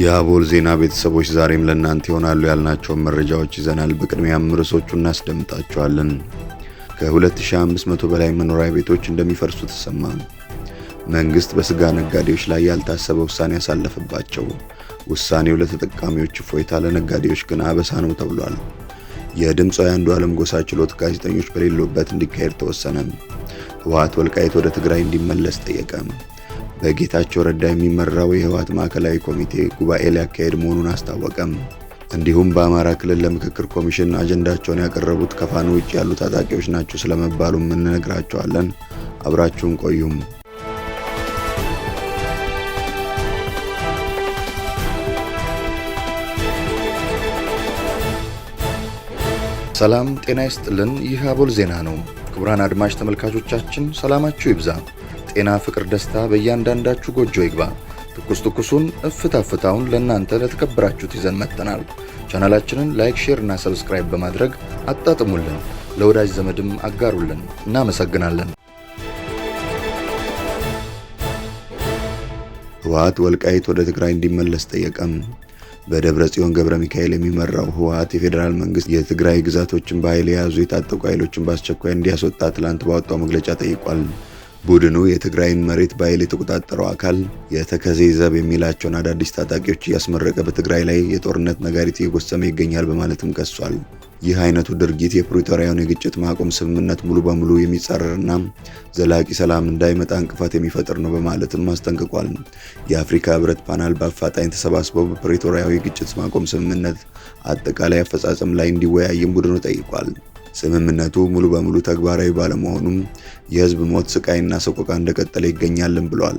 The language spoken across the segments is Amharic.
የአቦል ዜና ቤተሰቦች ዛሬም ለእናንተ ይሆናሉ ያልናቸውን መረጃዎች ይዘናል። በቅድሚያም ርዕሶቹ እናስደምጣቸዋለን። ከ2500 በላይ መኖሪያ ቤቶች እንደሚፈርሱ ተሰማ። መንግስት በስጋ ነጋዴዎች ላይ ያልታሰበ ውሳኔ ያሳለፈባቸው። ውሳኔው ለተጠቃሚዎች እፎይታ፣ ለነጋዴዎች ግን አበሳ ነው ተብሏል። የድምፃዊ አንዱ ዓለም ጎሳ ችሎት ጋዜጠኞች በሌሉበት እንዲካሄድ ተወሰነ። ህወሓት ወልቃይት ወደ ትግራይ እንዲመለስ ጠየቀም። በጌታቸው ረዳ የሚመራው የህወሓት ማዕከላዊ ኮሚቴ ጉባኤ ሊያካሄድ መሆኑን አስታወቀም። እንዲሁም በአማራ ክልል ለምክክር ኮሚሽን አጀንዳቸውን ያቀረቡት ከፋኖ ውጭ ያሉ ታጣቂዎች ናቸው ስለመባሉም እንነግራቸዋለን። አብራችሁን ቆዩም። ሰላም ጤና ይስጥልን። ይህ አቦል ዜና ነው። ክቡራን አድማጭ ተመልካቾቻችን ሰላማችሁ ይብዛ። ጤና፣ ፍቅር፣ ደስታ በእያንዳንዳችሁ ጎጆ ይግባ። ትኩስ ትኩሱን እፍታ ፍታውን ለእናንተ ለተከበራችሁት ይዘን መጥተናል። ቻናላችንን ላይክ፣ ሼር እና ሰብስክራይብ በማድረግ አጣጥሙልን፣ ለወዳጅ ዘመድም አጋሩልን። እናመሰግናለን። ህወሓት ወልቃይት ወደ ትግራይ እንዲመለስ ጠየቀም። በደብረ ጽዮን ገብረ ሚካኤል የሚመራው ህወሓት የፌዴራል መንግስት የትግራይ ግዛቶችን በኃይል የያዙ የታጠቁ ኃይሎችን በአስቸኳይ እንዲያስወጣ ትላንት ባወጣው መግለጫ ጠይቋል። ቡድኑ የትግራይን መሬት በኃይል የተቆጣጠረው አካል የተከዜ ዘብ የሚላቸውን አዳዲስ ታጣቂዎች እያስመረቀ በትግራይ ላይ የጦርነት ነጋሪት እየጎሰመ ይገኛል በማለትም ከሷል። ይህ አይነቱ ድርጊት የፕሪቶሪያውን የግጭት ማቆም ስምምነት ሙሉ በሙሉ የሚጻረርና ዘላቂ ሰላም እንዳይመጣ እንቅፋት የሚፈጥር ነው በማለትም አስጠንቅቋል። የአፍሪካ ህብረት ፓናል በአፋጣኝ ተሰባስበው በፕሪቶሪያዊ ግጭት ማቆም ስምምነት አጠቃላይ አፈጻጸም ላይ እንዲወያይም ቡድኑ ጠይቋል። ስምምነቱ ሙሉ በሙሉ ተግባራዊ ባለመሆኑም የህዝብ ሞት፣ ስቃይና ሰቆቃ እንደቀጠለ ይገኛልን ብሏል።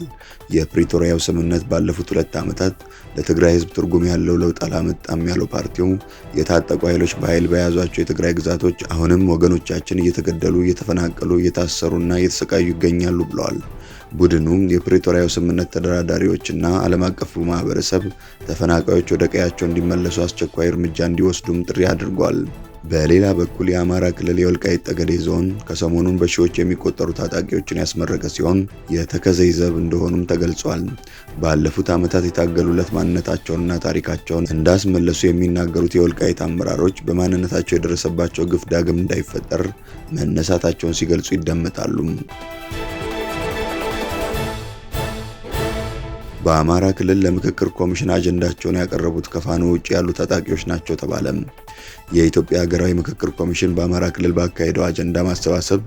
የፕሪቶሪያው ስምምነት ባለፉት ሁለት ዓመታት ለትግራይ ህዝብ ትርጉም ያለው ለውጥ አላመጣም ያለው ፓርቲው የታጠቁ ኃይሎች በኃይል በያዟቸው የትግራይ ግዛቶች አሁንም ወገኖቻችን እየተገደሉ፣ እየተፈናቀሉ፣ እየታሰሩና እየተሰቃዩ ይገኛሉ ብለዋል። ቡድኑ የፕሪቶሪያው ስምምነት ተደራዳሪዎችና ዓለም አቀፉ ማህበረሰብ ተፈናቃዮች ወደ ቀያቸው እንዲመለሱ አስቸኳይ እርምጃ እንዲወስዱም ጥሪ አድርጓል። በሌላ በኩል የአማራ ክልል የወልቃይት ጠገዴ ዞን ከሰሞኑን በሺዎች የሚቆጠሩ ታጣቂዎችን ያስመረቀ ሲሆን የተከዘይ ዘብ እንደሆኑም ተገልጿል። ባለፉት ዓመታት የታገሉለት ማንነታቸውንና ታሪካቸውን እንዳስመለሱ የሚናገሩት የወልቃይት አመራሮች በማንነታቸው የደረሰባቸው ግፍ ዳግም እንዳይፈጠር መነሳታቸውን ሲገልጹ ይደመጣሉ። በአማራ ክልል ለምክክር ኮሚሽን አጀንዳቸውን ያቀረቡት ከፋኖ ውጭ ያሉ ታጣቂዎች ናቸው ተባለም። የኢትዮጵያ ሀገራዊ ምክክር ኮሚሽን በአማራ ክልል ባካሄደው አጀንዳ ማሰባሰብ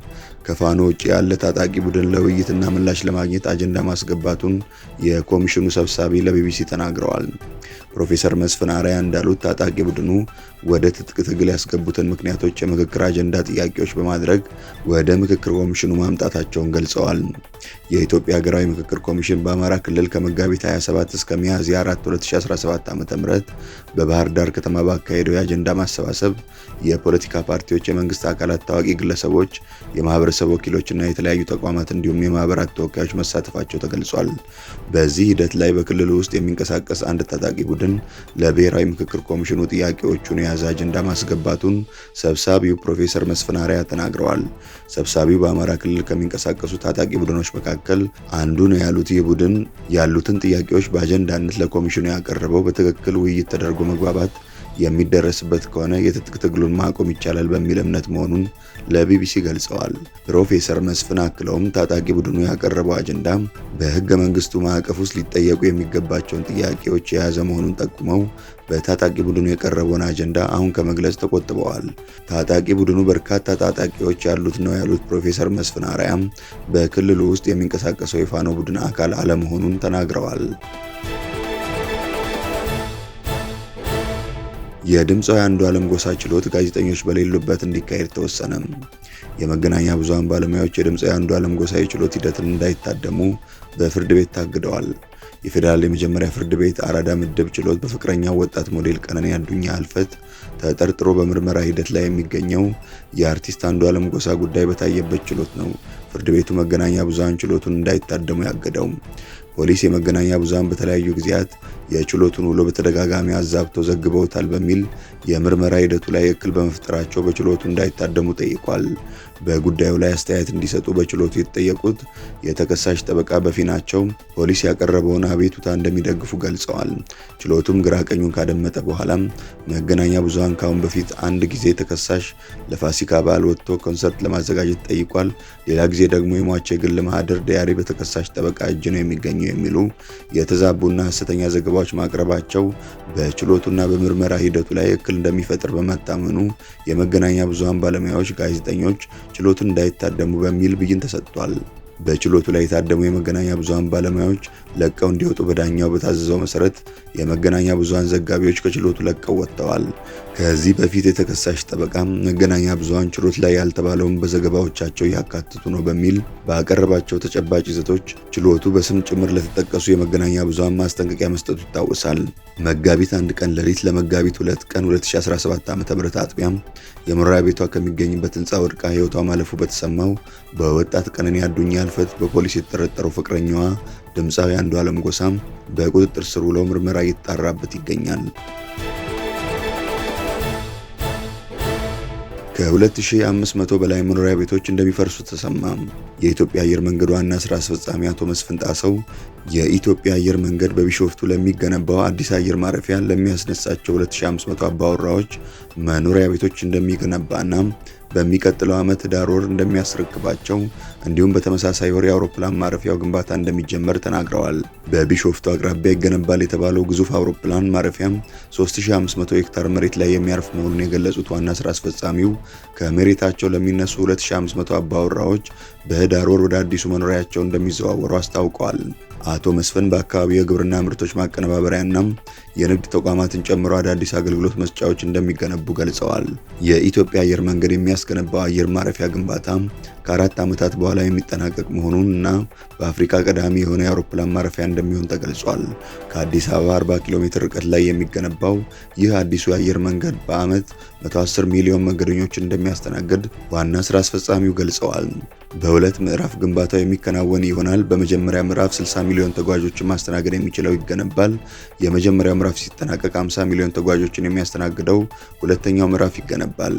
ከፋኖ ውጭ ያለ ታጣቂ ቡድን ለውይይትና ምላሽ ለማግኘት አጀንዳ ማስገባቱን የኮሚሽኑ ሰብሳቢ ለቢቢሲ ተናግረዋል። ፕሮፌሰር መስፍን አርአያ እንዳሉት ታጣቂ ቡድኑ ወደ ትጥቅ ትግል ያስገቡትን ምክንያቶች የምክክር አጀንዳ ጥያቄዎች በማድረግ ወደ ምክክር ኮሚሽኑ ማምጣታቸውን ገልጸዋል። የኢትዮጵያ ሀገራዊ ምክክር ኮሚሽን በአማራ ክልል ከመጋቢት 27 እስከ ሚያዝያ 4 2017 ዓ.ም በባህር ዳር ከተማ ባካሄደው የአጀንዳ ማሰባ በማሰባሰብ የፖለቲካ ፓርቲዎች፣ የመንግስት አካላት፣ ታዋቂ ግለሰቦች፣ የማህበረሰብ ወኪሎችና የተለያዩ ተቋማት እንዲሁም የማህበራት ተወካዮች መሳተፋቸው ተገልጿል። በዚህ ሂደት ላይ በክልሉ ውስጥ የሚንቀሳቀስ አንድ ታጣቂ ቡድን ለብሔራዊ ምክክር ኮሚሽኑ ጥያቄዎቹን የያዘ አጀንዳ ማስገባቱን ሰብሳቢው ፕሮፌሰር መስፍናሪያ ተናግረዋል። ሰብሳቢው በአማራ ክልል ከሚንቀሳቀሱ ታጣቂ ቡድኖች መካከል አንዱ ነው ያሉት ይህ ቡድን ያሉትን ጥያቄዎች በአጀንዳነት ለኮሚሽኑ ያቀረበው በትክክል ውይይት ተደርጎ መግባባት የሚደረስበት ከሆነ የትጥቅ ትግሉን ማቆም ይቻላል በሚል እምነት መሆኑን ለቢቢሲ ገልጸዋል። ፕሮፌሰር መስፍን አክለውም ታጣቂ ቡድኑ ያቀረበው አጀንዳ በህገ መንግስቱ ማዕቀፍ ውስጥ ሊጠየቁ የሚገባቸውን ጥያቄዎች የያዘ መሆኑን ጠቁመው በታጣቂ ቡድኑ የቀረበውን አጀንዳ አሁን ከመግለጽ ተቆጥበዋል። ታጣቂ ቡድኑ በርካታ ታጣቂዎች ያሉት ነው ያሉት ፕሮፌሰር መስፍን አርያም በክልሉ ውስጥ የሚንቀሳቀሰው የፋኖ ቡድን አካል አለመሆኑን ተናግረዋል። የድምፃዊ አንዱዓለም ጎሳ ችሎት ጋዜጠኞች በሌሉበት እንዲካሄድ ተወሰነ። የመገናኛ ብዙሃን ባለሙያዎች የድምፃዊ አንዱዓለም ጎሳ የችሎት ሂደትን እንዳይታደሙ በፍርድ ቤት ታግደዋል። የፌዴራል የመጀመሪያ ፍርድ ቤት አራዳ ምድብ ችሎት በፍቅረኛው ወጣት ሞዴል ቀነኒ አዱኛ ህልፈት ተጠርጥሮ በምርመራ ሂደት ላይ የሚገኘው የአርቲስት አንዱዓለም ጎሳ ጉዳይ በታየበት ችሎት ነው ፍርድ ቤቱ መገናኛ ብዙሃን ችሎቱን እንዳይታደሙ ያገደው። ፖሊስ የመገናኛ ብዙሃን በተለያዩ ጊዜያት የችሎቱን ውሎ በተደጋጋሚ አዛብተው ዘግበውታል በሚል የምርመራ ሂደቱ ላይ እክል በመፍጠራቸው በችሎቱ እንዳይታደሙ ጠይቋል። በጉዳዩ ላይ አስተያየት እንዲሰጡ በችሎቱ የተጠየቁት የተከሳሽ ጠበቃ በፊናቸው ፖሊስ ያቀረበውን አቤቱታ እንደሚደግፉ ገልጸዋል። ችሎቱም ግራ ቀኙን ካደመጠ በኋላም መገናኛ ብዙሃን ካሁን በፊት አንድ ጊዜ ተከሳሽ ለፋሲካ በዓል ወጥቶ ኮንሰርት ለማዘጋጀት ጠይቋል። ሌላ ጊዜ ደግሞ የሟች የግል ማህደር ዲያሪ በተከሳሽ ጠበቃ እጅ ነው የሚገኘው የሚሉ የተዛቡና ሐሰተኛ ዘገባዎች ማቅረባቸው በችሎቱና በምርመራ ሂደቱ ላይ እክል እንደሚፈጥር በመታመኑ የመገናኛ ብዙሃን ባለሙያዎች ጋዜጠኞች ችሎቱን እንዳይታደሙ በሚል ብይን ተሰጥቷል። በችሎቱ ላይ የታደሙ የመገናኛ ብዙሃን ባለሙያዎች ለቀው እንዲወጡ በዳኛው በታዘዘው መሰረት የመገናኛ ብዙሃን ዘጋቢዎች ከችሎቱ ለቀው ወጥተዋል። ከዚህ በፊት የተከሳሽ ጠበቃ መገናኛ ብዙሃን ችሎት ላይ ያልተባለውን በዘገባዎቻቸው ያካትቱ ነው በሚል ባቀረባቸው ተጨባጭ ይዘቶች ችሎቱ በስም ጭምር ለተጠቀሱ የመገናኛ ብዙሃን ማስጠንቀቂያ መስጠቱ ይታወሳል። መጋቢት አንድ ቀን ሌሊት ለመጋቢት ሁለት ቀን 2017 ዓ ም አጥቢያም የመኖሪያ ቤቷ ከሚገኝበት ህንፃ ወድቃ ህይወቷ ማለፉ በተሰማው በወጣት ቀነኒ አዱኛ ሕልፈት በፖሊስ የተጠረጠረው ፍቅረኛዋ ድምፃዊ አለም ጎሳም በቁጥጥር ስር ውለው ምርመራ እየተጣራበት ይገኛል። ከ2500 በላይ መኖሪያ ቤቶች እንደሚፈርሱ ተሰማ። የኢትዮጵያ አየር መንገድ ዋና ስራ አስፈጻሚ አቶ መስፍን ጣሰው የኢትዮጵያ አየር መንገድ በቢሾፍቱ ለሚገነባው አዲስ አየር ማረፊያ ለሚያስነሳቸው 2500 አባወራዎች መኖሪያ ቤቶች እንደሚገነባና በሚቀጥለው ዓመት ዳር ወር እንደሚያስረክባቸው እንዲሁም በተመሳሳይ ወር የአውሮፕላን ማረፊያው ግንባታ እንደሚጀመር ተናግረዋል። በቢሾፍቱ አቅራቢያ ይገነባል የተባለው ግዙፍ አውሮፕላን ማረፊያም 3500 ሄክታር መሬት ላይ የሚያርፍ መሆኑን የገለጹት ዋና ስራ አስፈጻሚው ከመሬታቸው ለሚነሱ 2500 አባወራዎች በህዳር ወር ወደ አዲሱ መኖሪያቸው እንደሚዘዋወሩ አስታውቀዋል። አቶ መስፍን በአካባቢው የግብርና ምርቶች ማቀነባበሪያና የንግድ ተቋማትን ጨምሮ አዳዲስ አገልግሎት መስጫዎች እንደሚገነቡ ገልጸዋል። የኢትዮጵያ አየር መንገድ የሚያስገነባው አየር ማረፊያ ግንባታ ከአራት ዓመታት በኋላ የሚጠናቀቅ መሆኑን እና በአፍሪካ ቀዳሚ የሆነ የአውሮፕላን ማረፊያ እንደሚሆን ተገልጿል። ከአዲስ አበባ 40 ኪሎ ሜትር ርቀት ላይ የሚገነባው ይህ አዲሱ የአየር መንገድ በዓመት 110 ሚሊዮን መንገደኞች እንደሚያስተናግድ ዋና ስራ አስፈጻሚው ገልጸዋል። በሁለት ምዕራፍ ግንባታው የሚከናወን ይሆናል። በመጀመሪያ ምዕራፍ 60 ሚሊዮን ተጓዦችን ማስተናገድ የሚችለው ይገነባል። የመጀመሪያው ምዕራፍ ሲጠናቀቅ 50 ሚሊዮን ተጓዦችን የሚያስተናግደው ሁለተኛው ምዕራፍ ይገነባል።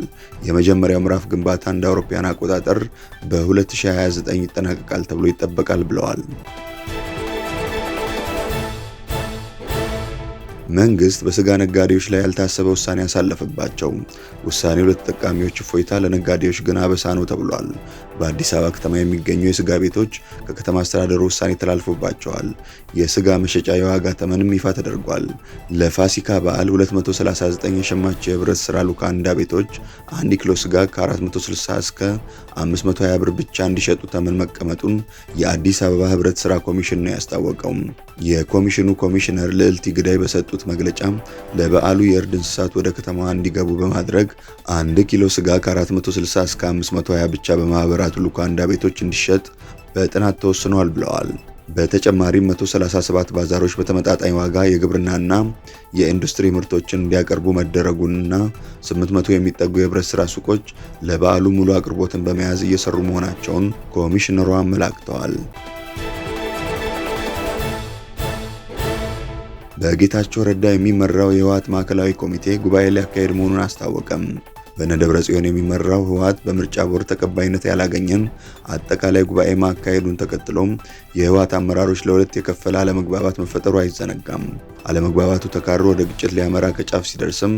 የመጀመሪያው ምዕራፍ ግንባታ እንደ አውሮፓውያን አቆጣጠር በ2029 ይጠናቀቃል ተብሎ ይጠበቃል ብለዋል። መንግስት በስጋ ነጋዴዎች ላይ ያልታሰበ ውሳኔ ያሳለፈባቸው። ውሳኔው ለተጠቃሚዎች እፎይታ፣ ለነጋዴዎች ግን አበሳ ነው ተብሏል። በአዲስ አበባ ከተማ የሚገኙ የስጋ ቤቶች ከከተማ አስተዳደሩ ውሳኔ ተላልፎባቸዋል። የስጋ መሸጫ የዋጋ ተመንም ይፋ ተደርጓል። ለፋሲካ በዓል 239 የሸማቸው የህብረት ስራ ሉካንዳ ቤቶች አንድ ኪሎ ስጋ ከ460 እስከ 520 ብር ብቻ እንዲሸጡ ተመን መቀመጡን የአዲስ አበባ ህብረት ስራ ኮሚሽን ነው ያስታወቀው። የኮሚሽኑ ኮሚሽነር ልዕልቲ ግዳይ በሰጡት ባወጡት መግለጫም ለበዓሉ የእርድ እንስሳት ወደ ከተማዋ እንዲገቡ በማድረግ አንድ ኪሎ ስጋ ከ460 እስከ 520 ብቻ በማህበራት ሉካንዳ ቤቶች እንዲሸጥ በጥናት ተወስኗል ብለዋል። በተጨማሪም 137 ባዛሮች በተመጣጣኝ ዋጋ የግብርናና የኢንዱስትሪ ምርቶችን እንዲያቀርቡ መደረጉንና 800 የሚጠጉ የህብረት ስራ ሱቆች ለበዓሉ ሙሉ አቅርቦትን በመያዝ እየሰሩ መሆናቸውን ኮሚሽነሯ አመላክተዋል። በጌታቸው ረዳ የሚመራው የህወሓት ማዕከላዊ ኮሚቴ ጉባኤ ሊያካሄድ መሆኑን አስታወቀም። በነ ደብረ ጽዮን የሚመራው ህወሓት በምርጫ ቦርድ ተቀባይነት ያላገኘም። አጠቃላይ ጉባኤ ማካሄዱን ተከትሎም የህወሓት አመራሮች ለሁለት የከፈለ አለመግባባት መፈጠሩ አይዘነጋም። አለመግባባቱ ተካሮ ወደ ግጭት ሊያመራ ከጫፍ ሲደርስም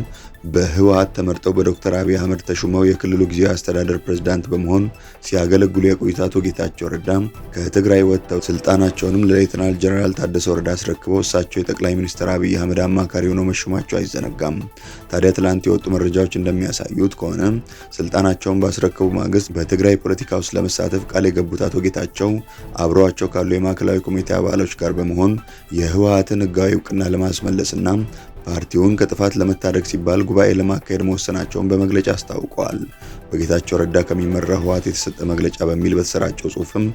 በህወሀት ተመርጠው በዶክተር አብይ አህመድ ተሹመው የክልሉ ጊዜያዊ አስተዳደር ፕሬዝዳንት በመሆን ሲያገለግሉ የቆዩት አቶ ጌታቸው ረዳ ከትግራይ ወጥተው ስልጣናቸውንም ለሌተናል ጀነራል ታደሰ ወረዳ አስረክበው እሳቸው የጠቅላይ ሚኒስትር አብይ አህመድ አማካሪ ሆነው መሾማቸው አይዘነጋም። ታዲያ ትላንት የወጡ መረጃዎች እንደሚያሳዩት ከሆነ ስልጣናቸውን ባስረከቡ ማግስት በትግራይ ፖለቲካ ውስጥ ለመሳተፍ ቃል የገቡት አቶ ጌታቸው አብረዋቸው ካሉ የማዕከላዊ ኮሚቴ አባሎች ጋር በመሆን የህወሀትን ህጋዊ እውቅና ለማስመለስና ፓርቲውን ከጥፋት ለመታደግ ሲባል ጉባኤ ለማካሄድ መወሰናቸውን በመግለጫ አስታውቀዋል። በጌታቸው ረዳ ከሚመራ ህወሓት የተሰጠ መግለጫ በሚል በተሰራጨው ጽሁፍም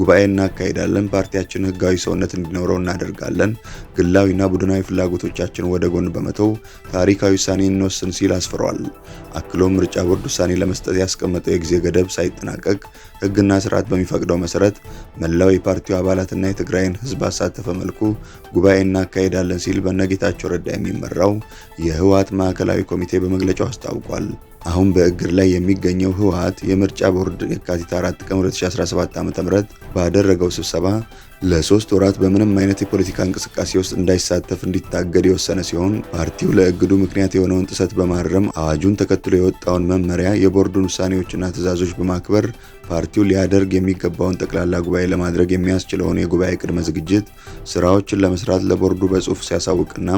ጉባኤ እናካሄዳለን፣ ፓርቲያችን ህጋዊ ሰውነት እንዲኖረው እናደርጋለን፣ ግላዊና ቡድናዊ ፍላጎቶቻችን ወደ ጎን በመተው ታሪካዊ ውሳኔ እንወስን ሲል አስፍሯል። አክሎም ምርጫ ቦርድ ውሳኔ ለመስጠት ያስቀመጠው የጊዜ ገደብ ሳይጠናቀቅ ህግና ስርዓት በሚፈቅደው መሰረት መላው የፓርቲው አባላትና የትግራይን ህዝብ አሳተፈ መልኩ ጉባኤ እናካሄዳለን ሲል በነጌታቸው ረዳ የሚመራው የህወሀት ማዕከላዊ ኮሚቴ በመግለጫው አስታውቋል። አሁን በእግር ላይ የሚገኘው ህወሀት የምርጫ ቦርድ የካቲት 4 ቀን 2017 ዓ.ም ባደረገው ስብሰባ ለሶስት ወራት በምንም አይነት የፖለቲካ እንቅስቃሴ ውስጥ እንዳይሳተፍ እንዲታገድ የወሰነ ሲሆን ፓርቲው ለእግዱ ምክንያት የሆነውን ጥሰት በማረም አዋጁን ተከትሎ የወጣውን መመሪያ፣ የቦርዱን ውሳኔዎችና ትዕዛዞች በማክበር ፓርቲው ሊያደርግ የሚገባውን ጠቅላላ ጉባኤ ለማድረግ የሚያስችለውን የጉባኤ ቅድመ ዝግጅት ስራዎችን ለመስራት ለቦርዱ በጽሁፍ ሲያሳውቅና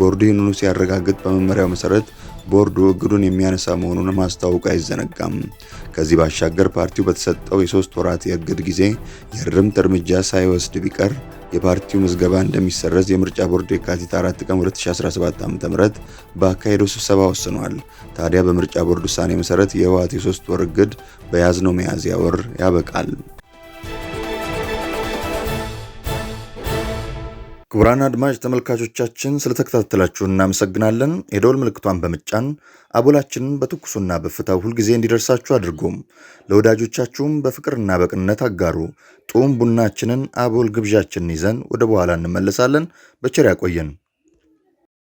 ቦርዱ ይህንኑ ሲያረጋግጥ በመመሪያው መሰረት ቦርዱ እግዱን የሚያነሳ መሆኑን ማስታወቁ አይዘነጋም። ከዚህ ባሻገር ፓርቲው በተሰጠው የሶስት ወራት የእግድ ጊዜ የእርምት እርምጃ ሳይወስድ ቢቀር የፓርቲው ምዝገባ እንደሚሰረዝ የምርጫ ቦርድ የካቲት 4 ቀን 2017 ዓ.ም በአካሄደው ስብሰባ ወስኗል። ታዲያ በምርጫ ቦርድ ውሳኔ መሰረት የህወሓት የሶስት ወር እግድ በያዝነው መያዝያ ወር ያበቃል። ክቡራን አድማጭ ተመልካቾቻችን ስለተከታተላችሁ እናመሰግናለን። የደወል ምልክቷን በምጫን አቦላችንን በትኩሱና በፍታው ሁልጊዜ እንዲደርሳችሁ አድርጎም ለወዳጆቻችሁም በፍቅርና በቅንነት አጋሩ። ጡም ቡናችንን አቦል ግብዣችንን ይዘን ወደ በኋላ እንመለሳለን። በቸር ያቆየን።